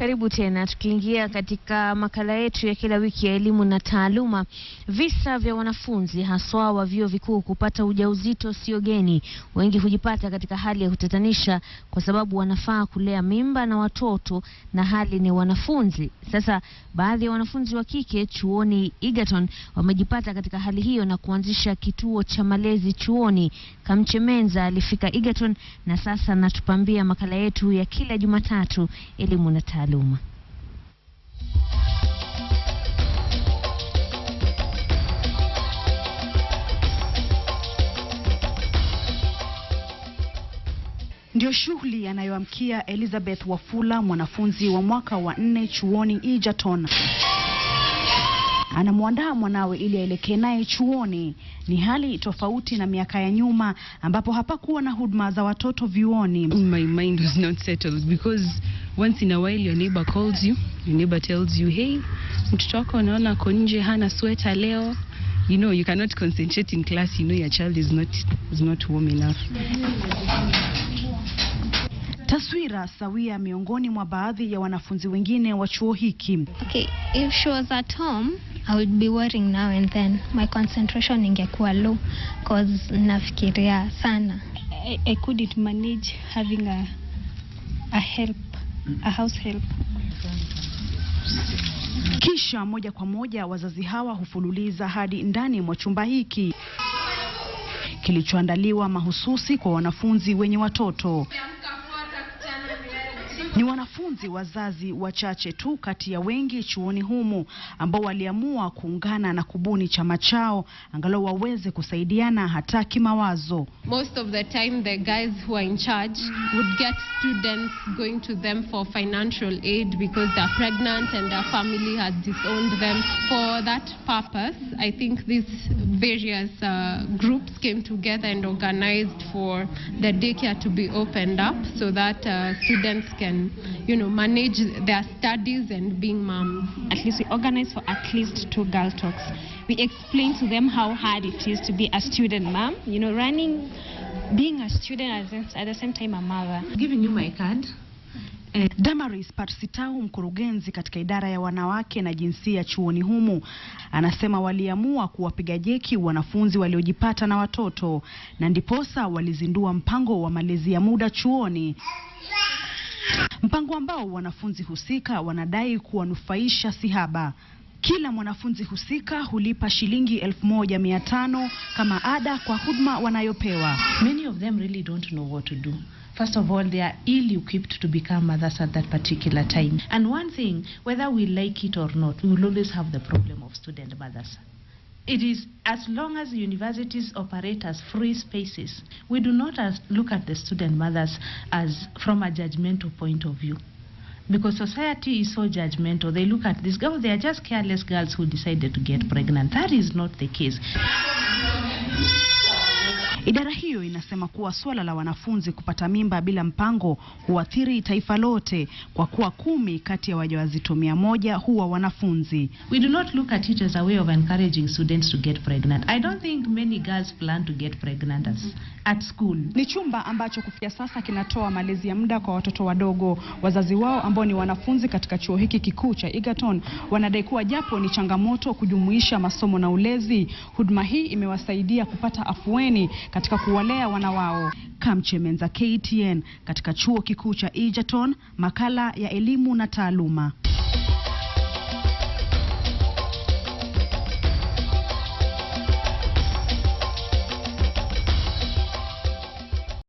Karibu tena, tukiingia katika makala yetu ya kila wiki ya elimu na taaluma. Visa vya wanafunzi haswa wa vyuo vikuu kupata ujauzito sio geni. Wengi hujipata katika hali ya kutatanisha, kwa sababu wanafaa kulea mimba na watoto na hali ni wanafunzi. Sasa baadhi ya wanafunzi wa kike chuoni Egerton wamejipata katika hali hiyo na kuanzisha kituo cha malezi chuoni. kamchemenza alifika Egerton na sasa anatupambia makala yetu ya kila Jumatatu, elimu na taaluma kitaaluma. Ndiyo shughuli anayoamkia Elizabeth Wafula, mwanafunzi wa mwaka wa nne chuoni Egerton. Anamwandaa mwanawe ili aelekee naye chuoni. Ni hali tofauti na miaka ya nyuma ambapo hapakuwa na huduma za watoto vyuoni. My mind was not settled because once in a while your neighbor calls you, your neighbor tells you, hey, mtoto wako unaona ako nje hana sweta leo. You know, you cannot concentrate in class. You know your child is not, is not warm enough. Taswira sawia miongoni mwa baadhi ya wanafunzi wengine wa chuo hiki. Okay, if she was at home, I would be worrying now and then. My concentration ingekuwa low cause nafikiria sana. I, I couldn't manage having a, a help a house help. Kisha moja kwa moja wazazi hawa hufululiza hadi ndani mwa chumba hiki kilichoandaliwa mahususi kwa wanafunzi wenye watoto. Ni wanafunzi wazazi wachache tu kati ya wengi chuoni humu ambao waliamua kuungana na kubuni chama chao angalau waweze kusaidiana hata kimawazo. Most of the time the guys who are in charge would get students going to them for financial aid because they're pregnant and their family has disowned them. For that purpose, I think these various uh, groups came together and organized for the daycare to be opened up so that uh, students can can, you know, manage their studies and being moms. At least we organize for at least two girl talks. We explain to them how hard it is to be a student mom, you know, running, being a student at the same time a mother. Giving you my card. Eh, Damaris Patsitau mkurugenzi katika idara ya wanawake na jinsia chuoni humu anasema waliamua kuwapiga jeki wanafunzi waliojipata na watoto na ndiposa walizindua mpango wa malezi ya muda chuoni mpango ambao wanafunzi husika wanadai kuwanufaisha sihaba. Kila mwanafunzi husika hulipa shilingi elfu moja mia tano kama ada kwa huduma wanayopewa. Many of them really don't know what to do. First of all, they are ill-equipped to become mothers at that particular time. And one thing, whether we like it or not, we will always have the problem of student mothers. It is as long as universities operate as free spaces, we do not look at the student mothers as from a judgmental point of view. Because society is so judgmental, they look at these girls, they are just careless girls who decided to get pregnant. That is not the case. Idara hiyo inasema kuwa suala la wanafunzi kupata mimba bila mpango huathiri taifa lote kwa kuwa kumi kati ya wajawazito mia moja huwa wanafunzi. We do not look at it as a way of encouraging students to get pregnant. I don't think many girls plan to get pregnant at school. Ni chumba ambacho kufikia sasa kinatoa malezi ya muda kwa watoto wadogo. Wazazi wao ambao ni wanafunzi katika chuo hiki kikuu cha Egerton wanadai kuwa japo ni changamoto kujumuisha masomo na ulezi, huduma hii imewasaidia kupata afueni katika kuwalea wana wao. Kamche Menza, KTN katika chuo kikuu cha Egerton, makala ya elimu na taaluma.